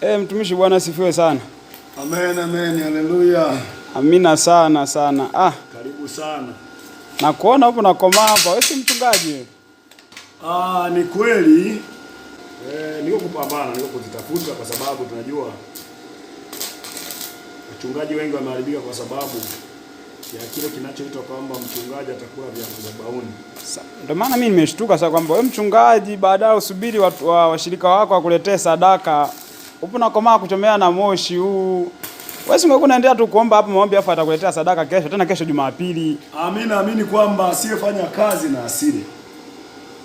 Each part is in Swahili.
Eh, mtumishi Bwana sifiwe sana. Amen, amen, haleluya. Amina sana sana. Ah. Karibu sana. Na kuona hapo na hapa. Wewe si mchungaji? Ah, ni kweli. Eh, niko kupambana, niko kujitafuta kwa sababu tunajua wachungaji wengi wameharibika kwa sababu ya kile kinachoitwa kwamba mchungaji atakula vya madhabahuni. Ndio maana mimi nimeshtuka sasa kwamba wewe mchungaji, baadaye usubiri washirika wa, washirika wako wakuletee sadaka upo nakomaa kuchomea na moshi huu. Wewe singekuwa unaendelea tu kuomba hapo maombi, afa atakuletea sadaka kesho, tena kesho Jumapili. Amini naamini kwamba asiyefanya kazi na asile.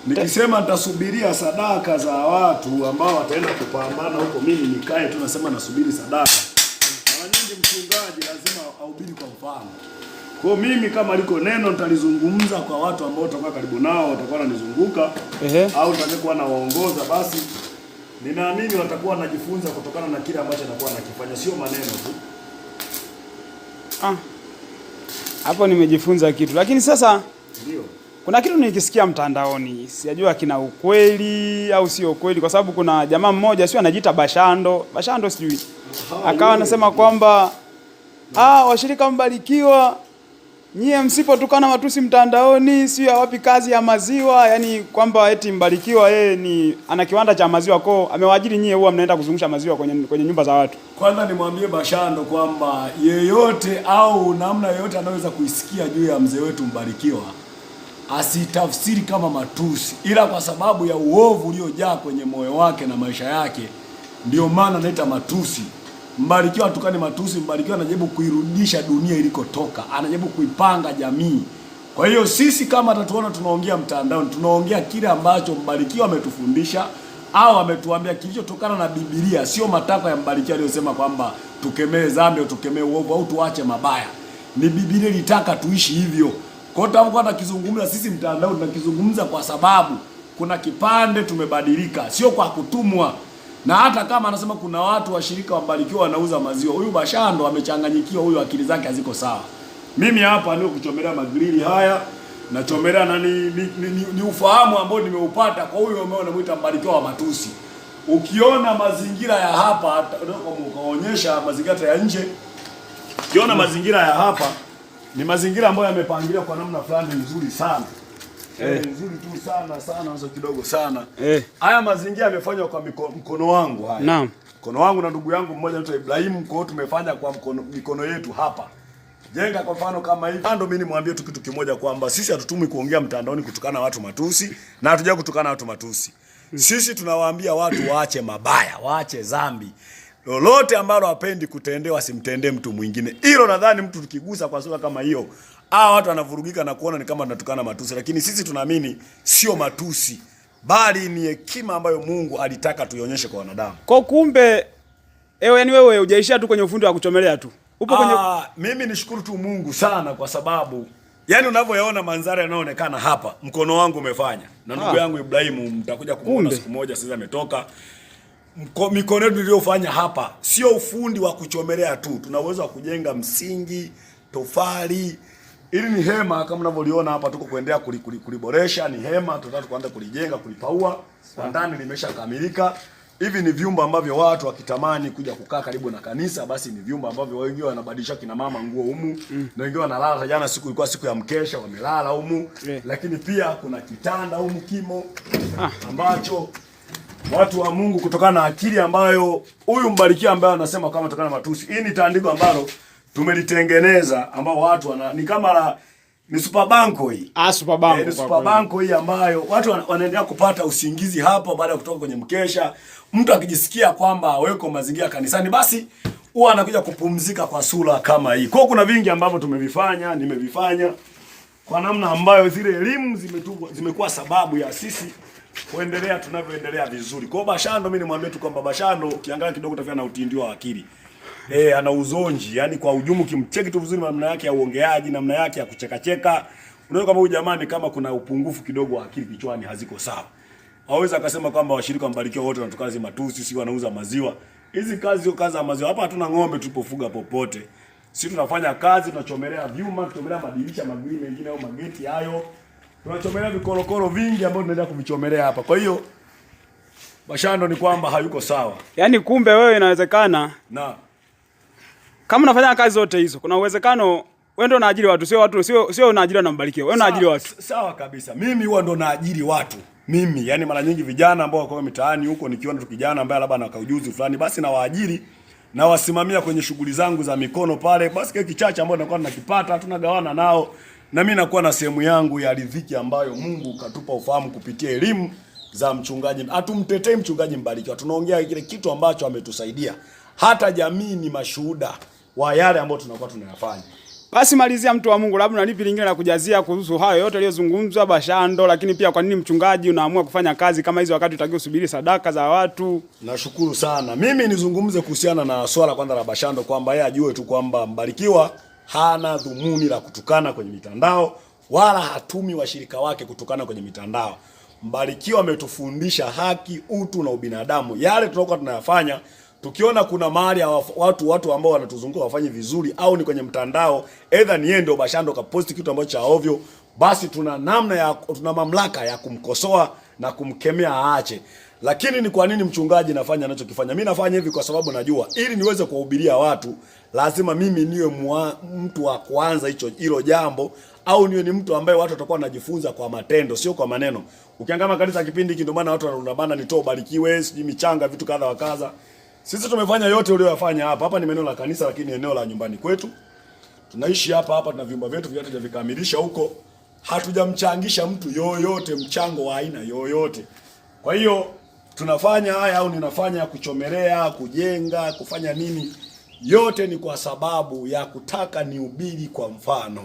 Nikisema nitasubiria sadaka za watu ambao wataenda kupambana huko, mimi nikae tu nasema nasubiri sadaka. Mara nyingi mchungaji lazima ahubiri kwa mfano. Kwa mimi kama liko neno nitalizungumza kwa watu ambao watakuwa karibu nao, watakuwa wananizunguka au nitakuwa nawaongoza basi Ninaamini watakuwa wanajifunza kutokana na kile ambacho anakuwa anakifanya, sio maneno tu. Ah, hapo nimejifunza kitu, lakini sasa ndio kuna kitu nikisikia mtandaoni, sijajua kina ukweli au sio ukweli, kwa sababu kuna jamaa mmoja sio anajiita Bashando, Bashando sijui, akawa anasema kwamba ah, washirika Mbarikiwa nyie msipotukana matusi mtandaoni, sio hawapi kazi ya maziwa, yani kwamba eti Mbarikiwa yeye ni ana kiwanda cha maziwa koo amewaajiri nyie, huwa mnaenda kuzungusha maziwa kwenye, kwenye nyumba za watu. Kwanza nimwambie Bashando kwamba yeyote au namna yoyote anaweza kuisikia juu ya mzee wetu Mbarikiwa asitafsiri kama matusi, ila kwa sababu ya uovu uliojaa kwenye moyo wake na maisha yake, ndio maana anaita matusi. Mbarikiwa atukane matusi, Mbarikiwa anajaribu kuirudisha dunia ilikotoka, anajaribu kuipanga jamii. Kwa hiyo sisi kama tatuona tunaongea mtandaoni, tunaongea kile ambacho Mbarikiwa ametufundisha au ametuambia kilichotokana na Biblia, sio matakwa ya Mbarikiwa aliyosema kwamba tukemee dhambi au tukemee uovu au tuache mabaya. Ni Biblia ilitaka tuishi hivyo. Kwa hiyo tunapokuwa tunakizungumza sisi mtandaoni, tunakizungumza kwa sababu kuna kipande tumebadilika, sio kwa kutumwa na hata kama anasema kuna watu washirika wabarikiwa wanauza maziwa, huyu Bashando amechanganyikiwa, huyu akili zake haziko sawa. Mimi hapa ndio kuchomelea magrili haya nachomelea na ni, ni, ni, ni, ni ufahamu ambao nimeupata kwa huyu ambao anamuita mbarikiwa wa matusi. Ukiona mazingira ya hapa ukaonyesha mazingira ya nje, ukiona mazingira ya hapa ni mazingira ambayo yamepangiliwa kwa namna fulani nzuri sana. Eh. Nzuri eh, tu sana sana hizo kidogo sana. Eh. Haya mazingira yamefanywa kwa miko, mkono wangu haya. Naam. Mkono wangu na ndugu yangu mmoja anaitwa Ibrahim, kwa hiyo tumefanya kwa mkono, mikono yetu hapa. Jenga kwa mfano kama hivi. Ndio mimi nimwambie tu kitu kimoja kwamba sisi hatutumwi kuongea mtandaoni kutukana watu matusi na hatuja kutukana watu matusi. Hmm. Sisi tunawaambia watu waache mabaya, waache dhambi. Lolote ambalo hapendi kutendewa simtendee mtu mwingine. Hilo nadhani mtu tukigusa kwa sura kama hiyo hawa watu wanavurugika na kuona ni kama tunatukana matusi, lakini sisi tunaamini sio matusi, bali ni hekima ambayo Mungu alitaka tuionyeshe kwa wanadamu. Kwa kumbe ewe, yani wewe hujaishia tu kwenye ufundi wa kuchomelea tu upo ah, kwenye... Aa, mimi nishukuru tu Mungu sana kwa sababu yani unavyoyaona manzara yanayoonekana hapa, mkono wangu umefanya na ah. ndugu yangu Ibrahimu, mtakuja kumuona siku moja, sasa ametoka mikono yetu iliyofanya hapa sio ufundi wa kuchomelea tu, tuna uwezo wa kujenga msingi, tofali ili ni hema kama mnavyoliona hapa, tuko kuendelea kuliboresha. Ni hema tunataka tukaanza kulijenga, kulipaua kwa ndani, limeshakamilika. Hivi ni vyumba ambavyo watu wakitamani kuja kukaa karibu na kanisa, basi ni vyumba ambavyo wengi wanabadilisha kina mama nguo humu mm. na wengi wanalala. Jana siku ilikuwa siku ya mkesha, wamelala humu yeah. Lakini pia kuna kitanda humu kimo ah. ambacho watu wa Mungu kutokana na akili ambayo huyu mbarikiwa ambaye anasema kama kutokana na matusi, hii ni tandiko ambalo tumelitengeneza ambao watu wana ni kama la ni super banko hii. Ah, super banko. Eh, ni super banko hii ambayo watu wanaendelea kupata usingizi hapo baada ya kutoka kwenye mkesha. Mtu akijisikia kwamba weko mazingira kanisani basi huwa anakuja kupumzika kwa sura kama hii. Kwa kuna vingi ambavyo tumevifanya, nimevifanya kwa namna ambayo zile elimu zimekuwa sababu ya sisi kuendelea tunavyoendelea vizuri. Kwa hiyo Bashando, mimi nimwambie tu kwamba Bashando ukiangalia kidogo utafia na utindio wa akili. eh, ana uzonji yani kwa ujumu, kimcheki tu vizuri, namna yake ya uongeaji, namna yake ya kuchekacheka, unaona kama huyu jamani, kama kuna upungufu kidogo wa akili kichwani, haziko sawa. Hawezi akasema kwamba washirika Mbarikiwa wote wanatoka kazi matusi, si wanauza maziwa. Hizi kazi sio kazi za maziwa. Hapa hatuna ng'ombe tulipofuga popote. Sisi tunafanya kazi, tunachomelea vyuma, tunachomelea madirisha magwini mengine au mageti hayo. Tunachomelea vikorokoro vingi ambavyo tunaenda kuvichomelea hapa. Kwa hiyo Bashando ni kwamba hayuko sawa. Yaani kumbe wewe inawezekana. Na kama unafanya kazi zote hizo, kuna uwezekano wewe ndio unaajiri watu, sio watu, sio sio unaajiri na Mbarikiwa. Wewe unaajiri watu. Sawa kabisa. Mimi huwa ndio naajiri watu. Mimi yani, mara nyingi vijana ambao wako mitaani huko, nikiona tu kijana ambaye labda ana kaujuzi fulani, basi nawaajiri na wasimamia kwenye shughuli zangu za mikono pale, basi kile kichache ambacho nakuwa nakipata tunagawana nao, na mimi nakuwa na sehemu yangu ya riziki ambayo Mungu katupa ufahamu kupitia elimu za mchungaji. Hatumtetei mchungaji Mbarikiwa, tunaongea kile kitu ambacho ametusaidia. Hata jamii ni mashuhuda wa yale ambayo tunakuwa tunayafanya. Basi malizia, mtu wa Mungu, labda na lingine la kujazia kuhusu hayo yote aliyozungumzwa Bashando, lakini pia kwa nini mchungaji unaamua kufanya kazi kama hizo wakati utakiwa usubiri sadaka za watu? Nashukuru sana. Mimi nizungumze kuhusiana na swala kwanza la Bashando kwamba yeye ajue tu kwamba Mbarikiwa hana dhumuni la kutukana kwenye mitandao wala hatumi washirika wake kutukana kwenye mitandao. Mbarikiwa ametufundisha haki, utu na ubinadamu. Yale tunaokuwa tunayafanya tukiona kuna mahali watu watu ambao wanatuzunguka wafanye vizuri, au ni kwenye mtandao, either ni yeye ndio Bashando kaposti kitu ambacho cha ovyo, basi tuna namna ya tuna mamlaka ya kumkosoa na kumkemea aache. Lakini ni kwa nini mchungaji nafanya anachokifanya? Mimi nafanya hivi kwa sababu najua ili niweze kuwahubiria watu lazima mimi niwe mwa, mtu wa kwanza hicho hilo jambo, au niwe ni mtu ambaye watu watakuwa wanajifunza kwa matendo, sio kwa maneno. ukiangama kanisa kipindi hiki, ndio maana watu wanabana nitoe ubarikiwe, sijui michanga, vitu kadha wa kadha. Sisi tumefanya yote ulioyafanya hapa. Hapa ni eneo la kanisa, lakini eneo la nyumbani kwetu. Tunaishi hapa hapa, tuna vyumba vyetu vyote vikamilisha huko. Hatujamchangisha mtu yoyote mchango wa aina yoyote. Kwa hiyo tunafanya haya au ninafanya kuchomelea, kujenga, kufanya nini, yote ni kwa sababu ya kutaka nihubiri kwa mfano